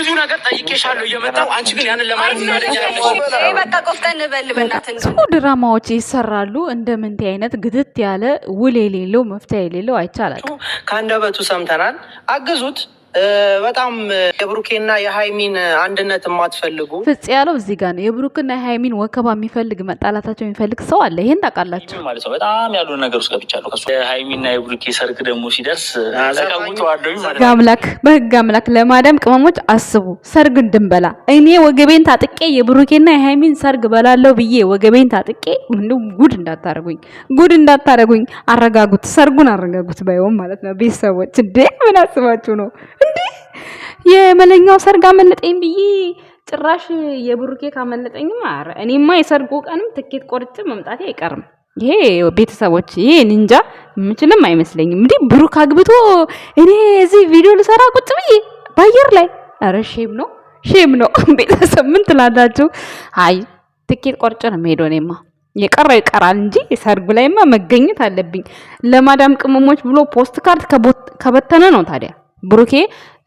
ብዙ ነገር ጠይቄሻለሁ እየመጣሁ አንቺ ግን ያንን ድራማዎች ይሰራሉ። እንደ ምንቴ አይነት ግድት ያለ ውል የሌለው መፍትሄ የሌለው አይቻላል። ከአንደበቱ ሰምተናል። አግዙት በጣም የብሩኬና የሀይሚን አንድነት የማትፈልጉ ፍጽ ያለው እዚህ ጋር ነው። የብሩክና የሀይሚን ወከባ የሚፈልግ መጣላታቸው የሚፈልግ ሰው አለ። ይሄን ታውቃላችሁ ማለት ነው። በጣም ያሉ ነገር ውስጥ ገብቻለሁ። የሀይሚና የብሩኬ ሰርግ ደግሞ ሲደርስ ማለት አምላክ በህግ አምላክ ለማዳም ቅመሞች አስቡ። ሰርግ እንድንበላ እኔ ወገቤን ታጥቄ የብሩኬና የሀይሚን ሰርግ በላለው ብዬ ወገቤን ታጥቄ ምንድ ጉድ እንዳታረጉኝ፣ ጉድ እንዳታረጉኝ። አረጋጉት፣ ሰርጉን አረጋጉት። ባይሆን ማለት ነው ቤተሰቦች እንዴ ምን አስባችሁ ነው? እንዴ የመለኛው ሰርግ አመለጠኝ ብዬ ጭራሽ የብሩኬ ካመለጠኝም፣ ኧረ እኔማ የሰርጉ ቀንም ትኬት ቆርጬ መምጣቴ አይቀርም። ይሄ ቤተሰቦች ይሄ እንጃ የምችልም አይመስለኝም። እንዲህ ብሩክ አግብቶ እኔ እዚህ ቪዲዮ ልሰራ ቁጭ ብዬ በአየር ላይ ረ ሼም ነው ሼም ነው። ቤተሰብ ምን ትላላችሁ? አይ ትኬት ቆርጬ ነው የምሄደው እኔማ የቀረው ይቀራል እንጂ ሰርጉ ላይማ መገኘት አለብኝ። ለማዳም ቅመሞች ብሎ ፖስት ካርድ ከበተነ ነው ታዲያ ብሩኬ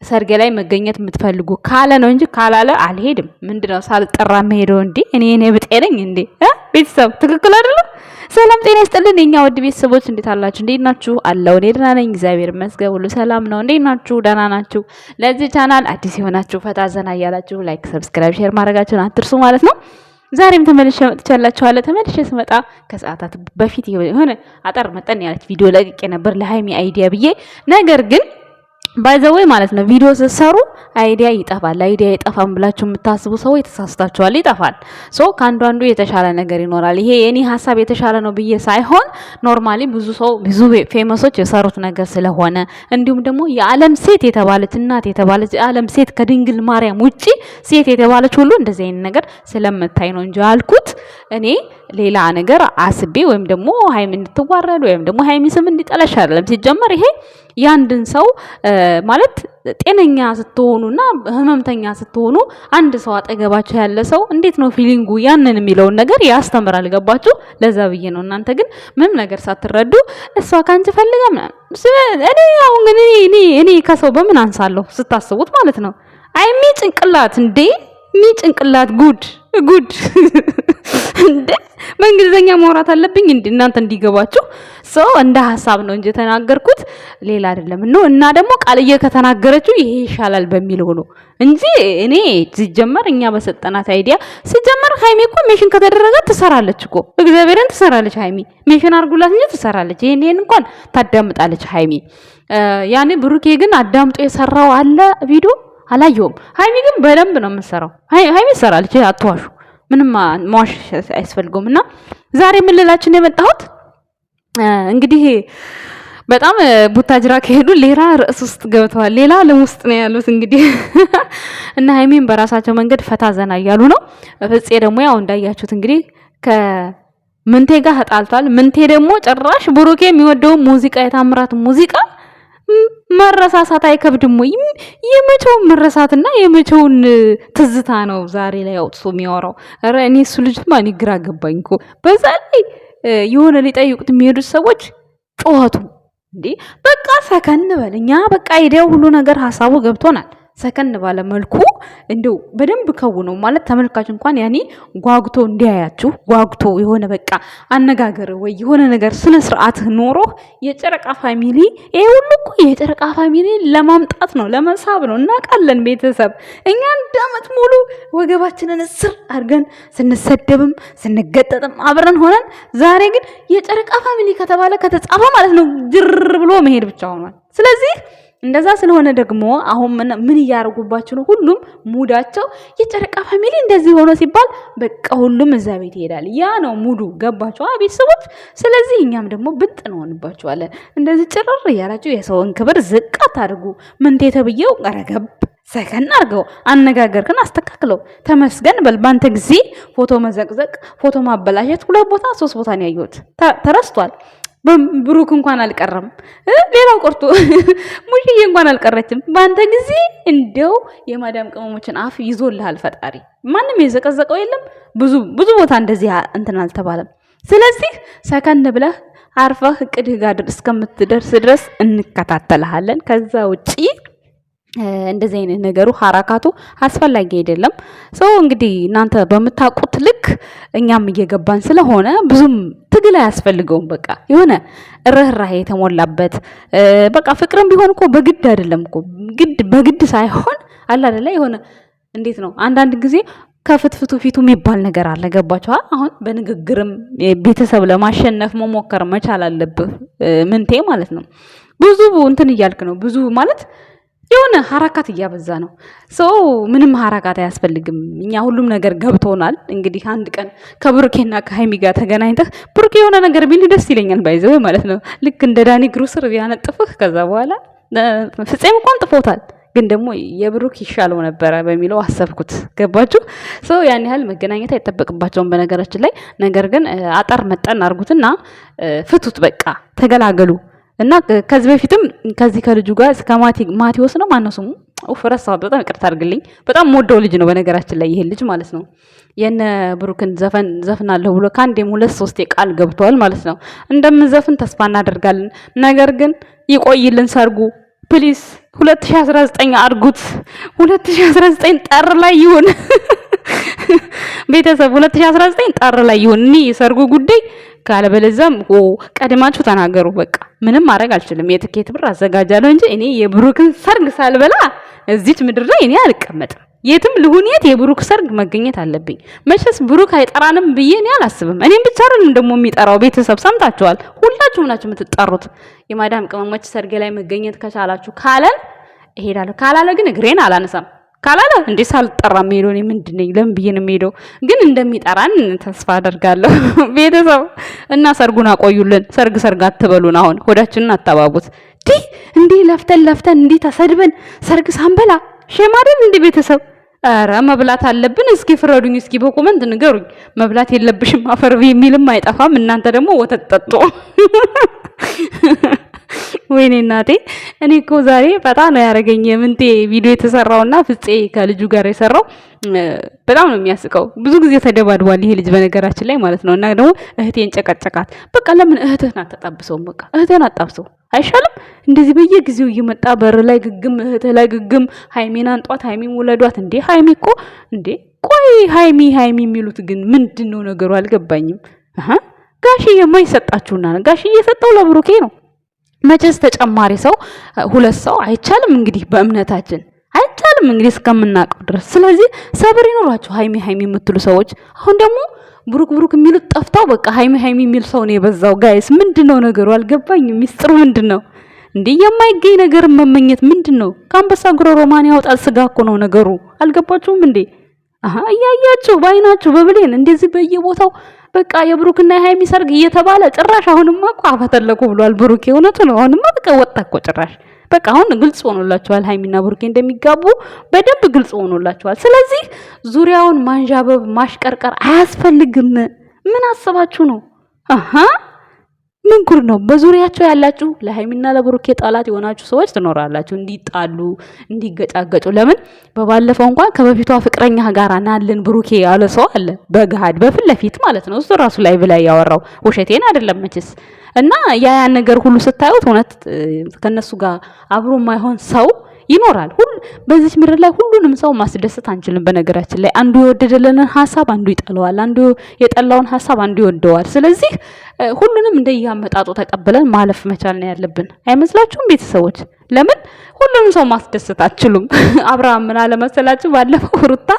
ሰርገ ላይ መገኘት የምትፈልጉ ካለ ነው እንጂ ካላለ አልሄድም። ምንድነው ሳልጠራ መሄደው? እንዴ እኔ እኔ ብጤ ነኝ እንዴ? ቤተሰብ ትክክል አይደለም። ሰላም ጤና ይስጥልን የኛ ውድ ቤተሰቦች፣ እንዴት አላችሁ? እንዴት ናችሁ? አለው እኔ ደህና ነኝ፣ እግዚአብሔር ይመስገን፣ ሁሉ ሰላም ነው። እንዴት ናችሁ? ደህና ናችሁ? ለዚህ ቻናል አዲስ የሆናችሁ ፈታ ዘና እያላችሁ ላይክ፣ ሰብስክራይብ፣ ሼር ማድረጋችሁን አትርሱ ማለት ነው። ዛሬም ተመልሼ መጥቻላችኋለሁ። ተመልሼ ስመጣ ከሰዓታት በፊት የሆነ አጠር መጠን ያለች ቪዲዮ ለቅቄ ነበር ለሀይሚ አይዲያ ብዬ ነገር ግን ባይዘወይ ማለት ነው ቪዲዮ ስትሰሩ አይዲያ ይጠፋል። አይዲያ ይጠፋም ብላችሁ የምታስቡ ሰው ተሳስታችኋል። ይጠፋል። ሶ ከአንዱ አንዱ የተሻለ ነገር ይኖራል። ይሄ የኔ ሀሳብ የተሻለ ነው ብዬ ሳይሆን ኖርማሊ ብዙ ሰው ብዙ ፌመሶች የሰሩት ነገር ስለሆነ እንዲሁም ደግሞ የዓለም ሴት የተባለች እናት የተባለች የዓለም ሴት ከድንግል ማርያም ውጪ ሴት የተባለች ሁሉ እንደዚህ አይነት ነገር ስለምታይ ነው እንጂ አልኩት እኔ ሌላ ነገር አስቤ ወይም ደግሞ ሀይሚ እንድትዋረድ ወይም ደግሞ ሀይሚ ስም እንዲጠላሽ አይደለም። ሲጀመር ይሄ የአንድን ሰው ማለት ጤነኛ ስትሆኑና ህመምተኛ ስትሆኑ አንድ ሰው አጠገባቸው ያለ ሰው እንዴት ነው ፊሊንጉ ያንን የሚለውን ነገር ያስተምራል። ገባችሁ? ለዛ ብዬ ነው። እናንተ ግን ምንም ነገር ሳትረዱ እሷ ከአንቺ ፈልጋ እኔ አሁን ግን እኔ ከሰው በምን አንሳለሁ ስታስቡት ማለት ነው። አይሚ ጭንቅላት እንዴ ምን ጭንቅላት ጉድ ጉድ እንደ በእንግሊዘኛ ማውራት አለብኝ እንዴ? እናንተ እንዲገባችሁ ሰው እንደ ሀሳብ ነው እንጂ የተናገርኩት ሌላ አይደለም። ነው እና ደግሞ ቃልዬ ከተናገረችው ይሄ ይሻላል በሚለው ነው እንጂ እኔ ሲጀመር እኛ በሰጠናት አይዲያ ሲጀመር ሃይሚ እኮ ሜሽን ከተደረገ ትሰራለች እኮ እግዚአብሔርን ትሰራለች። ሃይሚ ሜሽን አድርጉላት እንጂ ትሰራለች። ይሄን እንኳን ታዳምጣለች ሀይሚ ያኔ ብሩኬ ግን አዳምጦ የሰራው አለ ቪዲዮ አላየውም። ሀይሚ ግን በደንብ ነው የምትሰራው። ሀይሚ ትሰራለች፣ አትዋሹ። ምንም መዋሽ አያስፈልገውም። እና ዛሬ ምልላችን የመጣሁት እንግዲህ በጣም ቡታጅራ ከሄዱ ሌላ ርዕስ ውስጥ ገብተዋል። ሌላ ዓለም ውስጥ ነው ያሉት እንግዲህ እና ሀይሚን በራሳቸው መንገድ ፈታ ዘና እያሉ ነው። ፍፄ ደግሞ ያው እንዳያችሁት እንግዲህ ከምንቴ ጋር ተጣልቷል። ምንቴ ደግሞ ጭራሽ ብሩኬ የሚወደውን ሙዚቃ የታምራት ሙዚቃ መረሳሳት አይከብድም ወይ? የመቼውን መረሳትና የመቼውን ትዝታ ነው ዛሬ ላይ አውጥቶ የሚያወራው? ኧረ እኔ እሱ ልጅ ማን ግራ ገባኝ እኮ። በዛ ላይ የሆነ ሊጠይቁት የሚሄዱት ሰዎች ጩኸቱ እንዴ! በቃ ሰከን በል እኛ በቃ ሄዲያው ሁሉ ነገር ሀሳቡ ገብቶናል። ሰከን ባለ መልኩ እንደው በደንብ ከውነው ማለት ተመልካች እንኳን ያኔ ጓጉቶ እንዲያያችሁ ጓጉቶ የሆነ በቃ አነጋገር ወይ የሆነ ነገር ስነ ስርዓት ኖሮ የጨረቃ ፋሚሊ ይሄ ሁሉ እኮ የጨረቃ ፋሚሊ ለማምጣት ነው፣ ለመሳብ ነው። እናውቃለን ቤተሰብ እኛ አንድ አመት ሙሉ ወገባችንን እስር አድርገን ስንሰደብም ስንገጠጥም አብረን ሆነን፣ ዛሬ ግን የጨረቃ ፋሚሊ ከተባለ ከተጻፈ ማለት ነው ድር ብሎ መሄድ ብቻ ሆኗል። ስለዚህ እንደዛ ስለሆነ ደግሞ አሁን ምን እያደረጉባችሁ ነው? ሁሉም ሙዳቸው የጨረቃ ፋሚሊ እንደዚህ ሆኖ ሲባል በቃ ሁሉም እዛ ቤት ይሄዳል። ያ ነው ሙዱ። ገባችሁ ቤተሰቦች? ስለዚህ እኛም ደግሞ ብጥ እንሆንባቸዋለን እንደዚህ ጭርር እያላችሁ የሰውን ክብር ዝቅ አታድርጉ። ምንቴ ተብዬው ቀረገብ ሰከን አድርገው አነጋገርክን አስተካክለው። ተመስገን በል። ባንተ ጊዜ ፎቶ መዘቅዘቅ፣ ፎቶ ማበላሸት ሁለት ቦታ ሶስት ቦታ ነው ያየሁት። ተረስቷል። ብሩክ እንኳን አልቀረም። ሌላው ቆርጦ ሙሽዬ እንኳን አልቀረችም። በአንተ ጊዜ እንደው የማዳም ቅመሞችን አፍ ይዞልሃል ፈጣሪ። ማንም የዘቀዘቀው የለም። ብዙ ብዙ ቦታ እንደዚህ እንትን አልተባለም። ስለዚህ ሰከን ብለህ አርፈህ እቅድህ ጋር እስከምትደርስ ድረስ እንከታተልሃለን። ከዛ ውጪ እንደዚህ አይነት ነገሩ ሀራካቱ አስፈላጊ አይደለም። ሰው እንግዲህ እናንተ በምታውቁት ልክ እኛም እየገባን ስለሆነ ብዙም ትግል አያስፈልገውም። በቃ የሆነ ርኅራሄ የተሞላበት በቃ ፍቅርም ቢሆን እኮ በግድ አይደለም እኮ ግድ በግድ ሳይሆን አለ አይደለ የሆነ እንዴት ነው አንዳንድ ጊዜ ከፍትፍቱ ፊቱ የሚባል ነገር አለ። ገባችኋል? አሁን በንግግርም ቤተሰብ ለማሸነፍ መሞከር መቻል አለብህ። ምንቴ ማለት ነው ብዙ እንትን እያልክ ነው ብዙ ማለት የሆነ ሀረካት እያበዛ ነው። ሰው ምንም ሀረካት አያስፈልግም። እኛ ሁሉም ነገር ገብቶናል። እንግዲህ አንድ ቀን ከብሩኬና ከሀይሚ ጋር ተገናኝተህ ብሩኬ የሆነ ነገር ቢል ደስ ይለኛል። ባይዘ ማለት ነው ልክ እንደ ዳኒ ግሩስር ቢያነጥፍህ ከዛ በኋላ ፍፄም እንኳን ጥፎታል ግን ደግሞ የብሩክ ይሻለው ነበረ በሚለው አሰብኩት። ገባችሁ? ሰው ያን ያህል መገናኘት አይጠበቅባቸውም በነገራችን ላይ ነገር ግን አጠር መጠን አድርጉትና ፍቱት። በቃ ተገላገሉ። እና ከዚህ በፊትም ከዚህ ከልጁ ጋር እስከ ማቴዎስ ነው ማነው ስሙ? ኡፍ ረሳሁት። በጣም ይቅርታ አድርግልኝ። በጣም ወደው ልጅ ነው በነገራችን ላይ ይሄ ልጅ ማለት ነው። የነ ብሩክን ዘፈን ዘፍናለሁ ብሎ ከአንዴም ሁለት ሶስቴ ቃል ገብተዋል ማለት ነው። እንደምንዘፍን ተስፋ እናደርጋለን። ነገር ግን ይቆይልን ሰርጉ ፕሊስ 2019 አድርጉት። 2019 ጠር ላይ ይሁን ቤተሰብ 2019 ጠር ላይ ይሁን። እኔ የሰርጉ ጉዳይ ካለበለዛም ቀድማችሁ ተናገሩ። በቃ ምንም ማድረግ አልችልም። የትኬት ብር አዘጋጃለሁ እንጂ እኔ የብሩክን ሰርግ ሳልበላ እዚች ምድር ላይ እኔ አልቀመጥም። የትም ልሁን የት የብሩክ ሰርግ መገኘት አለብኝ። መቼስ ብሩክ አይጠራንም ብዬ እኔ አላስብም። እኔም ብቻ አይደለም ደግሞ የሚጠራው ቤተሰብ ሰምታችኋል። ሁላችሁም ናችሁ የምትጠሩት። የማዳም ቅመሞች ሰርጌ ላይ መገኘት ከቻላችሁ ካለን እሄዳለሁ፣ ካላለ ግን እግሬን አላነሳም። ካላለ እንዴ ሳልጠራ የምሄደው እኔ ምንድን ነኝ? ለምን ብዬ ነው የምሄደው? ግን እንደሚጠራን ተስፋ አደርጋለሁ። ቤተሰብ እና ሰርጉን አቆዩልን። ሰርግ ሰርግ አትበሉን። አሁን ሆዳችንን አታባቡት። ዲ እንዴ ለፍተን ለፍተን እንዴ ተሰድበን ሰርግ ሳንበላ ሸማደን እንዴ ቤተሰብ ኧረ መብላት አለብን። እስኪ ፍረዱኝ፣ እስኪ በኮመንት ንገሩኝ። መብላት የለብሽም አፈር የሚልም አይጠፋም። እናንተ ደግሞ ወተት ጠጡ። ወይኔ እናቴ እኔ እኮ ዛሬ በጣም ነው ያደረገኝ የምንቴ ቪዲዮ የተሰራውና ፍፄ ከልጁ ጋር የሰራው በጣም ነው የሚያስቀው። ብዙ ጊዜ ተደባድቧል ይሄ ልጅ በነገራችን ላይ ማለት ነው። እና ደግሞ እህቴን ጨቀጨቃት። በቃ ለምን እህትህን አታጣብሰውም? በቃ እህትህን አጣብሰው አይሻልም? እንደዚህ በየጊዜው እየመጣ በር ላይ ግግም፣ እህትህ ላይ ግግም፣ ሀይሜን አንጧት፣ ሀይሜን ውለዷት። እንዴ ሀይሜ እኮ እንዴ ቆይ ሀይሚ ሀይሚ የሚሉት ግን ምንድን ነው ነገሩ? አልገባኝም። ጋሽዬማ የማይሰጣችሁና ጋሽዬ የሰጠው ለብሩኬ ነው። መቼስ ተጨማሪ ሰው ሁለት ሰው አይቻልም። እንግዲህ በእምነታችን አይቻልም እንግዲህ እስከምናውቀው ድረስ። ስለዚህ ሰብር ይኑራችሁ ሀይሚ ሀይሚ የምትሉ ሰዎች። አሁን ደግሞ ብሩክ ብሩክ የሚሉት ጠፍተው በቃ ሀይሚ ሀይሚ የሚል ሰው ነው የበዛው። ጋይስ ምንድን ነው ነገሩ? አልገባኝም። ሚስጥሩ ምንድን ነው እንዴ? የማይገኝ ነገር መመኘት ምንድን ነው? ከአንበሳ ጉሮሮ ማን ያወጣል? ስጋ እኮ ነው ነገሩ። አልገባችሁም እንዴ? እያያችሁ በአይናችሁ በብሌን እንደዚህ በየቦታው በቃ የብሩክና የሀይሚ ሰርግ እየተባለ ጭራሽ አሁንማ እኮ አፈተለኩ ብሏል ብሩክ። እውነቱ ነው። አሁንማ በቃ ወጣ እኮ ጭራሽ በቃ አሁን ግልጽ ሆኖላችኋል። ሃይሚና ብሩኬ እንደሚጋቡ በደንብ ግልጽ ሆኖላችኋል። ስለዚህ ዙሪያውን ማንዣበብ ማሽቀርቀር አያስፈልግም። ምን አስባችሁ ነው? አሃ ምን ጉድ ነው? በዙሪያቸው ያላችሁ ለሀይሚና ለብሩኬ ጠላት የሆናችሁ ሰዎች ትኖራላችሁ። እንዲጣሉ እንዲገጫገጩ። ለምን በባለፈው እንኳን ከበፊቷ ፍቅረኛ ጋር ናልን ብሩኬ ያለ ሰው አለ፣ በገሃድ በፊት ለፊት ማለት ነው። እሱ ራሱ ላይ ብላ ያወራው ውሸቴን አይደለም መችስ። እና ያ ያን ነገር ሁሉ ስታዩት እውነት ከነሱ ጋር አብሮ የማይሆን ሰው ይኖራል ሁሉ በዚች ምድር ላይ ሁሉንም ሰው ማስደሰት አንችልም። በነገራችን ላይ አንዱ የወደደልንን ሀሳብ አንዱ ይጠለዋል፣ አንዱ የጠላውን ሀሳብ አንዱ ይወደዋል። ስለዚህ ሁሉንም እንደየአመጣጡ ተቀብለን ማለፍ መቻል ነው ያለብን። አይመስላችሁም ቤተሰቦች? ለምን ሁሉንም ሰው ማስደሰት አትችሉም። አብርሃም ምን አለ ባለፈው ሩታ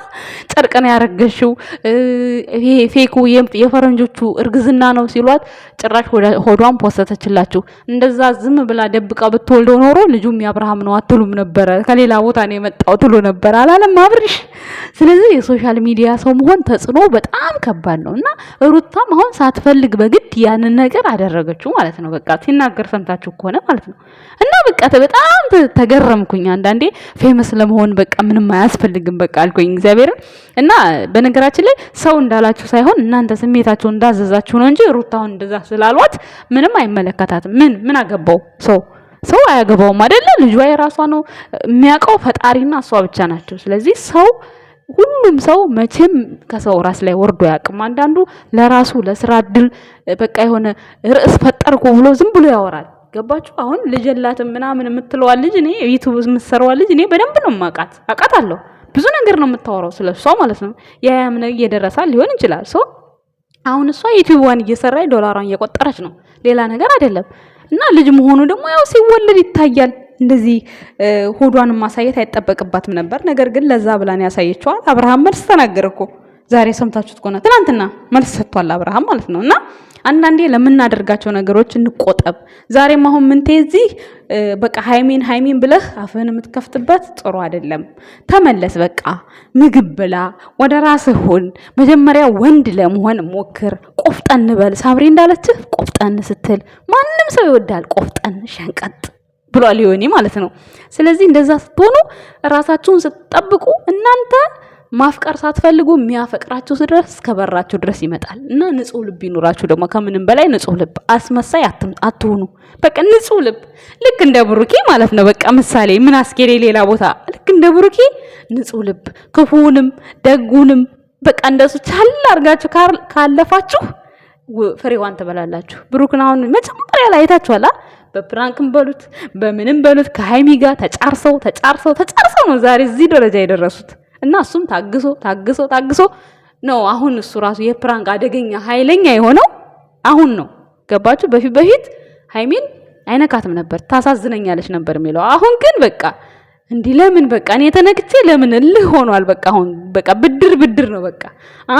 ጨርቅ ነው ያረገሽው ይሄ ፌኩ የፈረንጆቹ እርግዝና ነው ሲሏት ጭራሽ ሆዷን ፖሰተችላችሁ። እንደዛ ዝም ብላ ደብቃ ብትወልደው ኖሮ ልጁም የአብርሃም ነው አትሉም ነበረ። ከሌላ ቦታ ነው የመጣው ትሉ ነበር አላለም አብርሽ። ስለዚህ የሶሻል ሚዲያ ሰው መሆን ተጽዕኖ በጣም ከባድ ነው እና ሩታም አሁን ሳትፈልግ በግድ ያንን ነገር አደረገችው ማለት ነው። በቃ ሲናገር ሰምታችሁ ከሆነ ማለት ነው እና በቃ በጣም ተገረምኩኝ። አንዳንዴ ፌመስ ለመሆን በቃ ምንም አያስፈልግም በቃ አልኩኝ እግዚአብሔርን። እና በነገራችን ላይ ሰው እንዳላችሁ ሳይሆን እናንተ ስሜታችሁ እንዳዘዛችሁ ነው እንጂ ሩታሁን እንደዛ ስላሏት ምንም አይመለከታትም። ምን ምን አገባው ሰው ሰው አያገባውም አይደለ? ልጇ የራሷ ነው የሚያውቀው ፈጣሪና እሷ ብቻ ናቸው። ስለዚህ ሰው ሁሉም ሰው መቼም ከሰው ራስ ላይ ወርዶ አያውቅም። አንዳንዱ ለራሱ ለስራ እድል በቃ የሆነ ርዕስ ፈጠርኩ ብሎ ዝም ብሎ ያወራል። ገባችሁ? አሁን ልጅ የላትም ምናምን የምትለዋ ልጅ እኔ ዩቱብ የምትሰራዋ ልጅ እኔ በደንብ ነው የማውቃት፣ አውቃታለሁ። ብዙ ነገር ነው የምታወራው ስለ እሷ ማለት ነው። ያያም እየደረሳ ሊሆን ይችላል ሶ አሁን እሷ ዩቲዩብዋን እየሰራች ዶላሯን እየቆጠረች ነው፣ ሌላ ነገር አይደለም። እና ልጅ መሆኑ ደግሞ ያው ሲወለድ ይታያል። እንደዚህ ሆዷን ማሳየት አይጠበቅባትም ነበር። ነገር ግን ለዛ ብላን ያሳየችዋል። አብርሃም መልስ ተናገረ እኮ ዛሬ ሰምታችሁት ከሆነ ትናንትና መልስ ሰጥቷል አብርሃም ማለት ነው እና አንዳንዴ ለምናደርጋቸው ነገሮች እንቆጠብ። ዛሬም አሁን ምንቴ እዚህ በቃ ሃይሜን ሃይሜን ብለህ አፍህን የምትከፍትበት ጥሩ አይደለም። ተመለስ፣ በቃ ምግብ ብላ፣ ወደ ራስህ ሁን። መጀመሪያ ወንድ ለመሆን ሞክር። ቆፍጠን በል። ሳምሪ እንዳለችህ ቆፍጠን ስትል ማንም ሰው ይወዳል። ቆፍጠን ሸንቀጥ ብሏል ዮኒ ማለት ነው። ስለዚህ እንደዛ ስትሆኑ ራሳችሁን ስትጠብቁ እናንተ ማፍቀር ሳትፈልጉ የሚያፈቅራችሁ ድረስ ከበራችሁ ድረስ ይመጣል እና ንጹህ ልብ ይኑራችሁ። ደግሞ ከምንም በላይ ንጹህ ልብ፣ አስመሳይ አትሆኑ። በቃ ንጹህ ልብ ልክ እንደ ብሩኬ ማለት ነው። በቃ ምሳሌ ምን አስኬዴ ሌላ ቦታ ልክ እንደ ብሩኬ ንጹህ ልብ፣ ክፉንም ደጉንም በቃ እንደሱ ቻል አድርጋችሁ ካለፋችሁ ፍሬዋን ትበላላችሁ። ብሩክን አሁን መጀመሪያ ላይ አይታችኋላ። በፕራንክም በሉት በምንም በሉት ከሃይሚ ጋር ተጫርሰው ተጫርሰው ተጫርሰው ነው ዛሬ እዚህ ደረጃ የደረሱት። እና እሱም ታግሶ ታግሶ ታግሶ ነው አሁን እሱ ራሱ የፕራንክ አደገኛ ኃይለኛ የሆነው አሁን ነው። ገባችሁ? በፊት በፊት ሀይሚን አይነካትም ነበር፣ ታሳዝነኛለች ነበር የሚለው። አሁን ግን በቃ እንዲህ ለምን በቃ እኔ ተነክቼ ለምን እልህ ሆኗል። በቃ አሁን በቃ ብድር ብድር ነው በቃ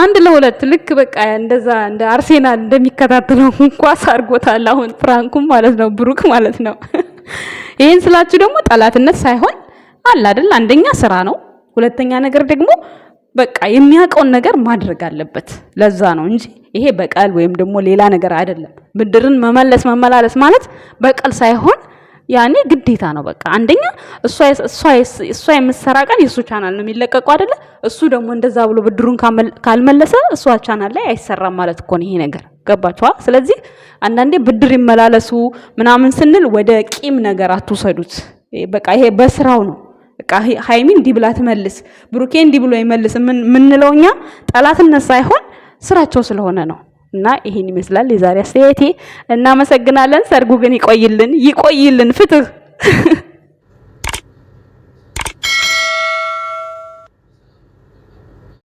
አንድ ለሁለት ልክ በቃ እንደዛ እንደ አርሴናል እንደሚከታተለው ኳስ አድርጎታል። አሁን ፍራንኩም ማለት ነው ብሩክ ማለት ነው። ይህን ስላችሁ ደግሞ ጠላትነት ሳይሆን አለ አይደል አንደኛ ስራ ነው ሁለተኛ ነገር ደግሞ በቃ የሚያውቀውን ነገር ማድረግ አለበት። ለዛ ነው እንጂ ይሄ በቀል ወይም ደግሞ ሌላ ነገር አይደለም። ብድርን መመለስ መመላለስ ማለት በቀል ሳይሆን ያኔ ግዴታ ነው። በቃ አንደኛ እሷ የምትሰራ ቀን የእሱ ቻናል ነው የሚለቀቁ አይደለ? እሱ ደግሞ እንደዛ ብሎ ብድሩን ካልመለሰ እሷ ቻናል ላይ አይሰራም ማለት እኮ ነው ይሄ ነገር ገባችኋ? ስለዚህ አንዳንዴ ብድር ይመላለሱ ምናምን ስንል ወደ ቂም ነገር አትውሰዱት። በቃ ይሄ በስራው ነው በቃ ሀይሚ እንዲህ ብላ ትመልስ፣ ብሩኬ እንዲህ ብሎ ይመልስ የምንለው እኛ ጠላትነት ሳይሆን ስራቸው ስለሆነ ነው። እና ይሄን ይመስላል የዛሬ አስተያየቴ። እናመሰግናለን። ሰርጉ ግን ይቆይልን፣ ይቆይልን ፍትህ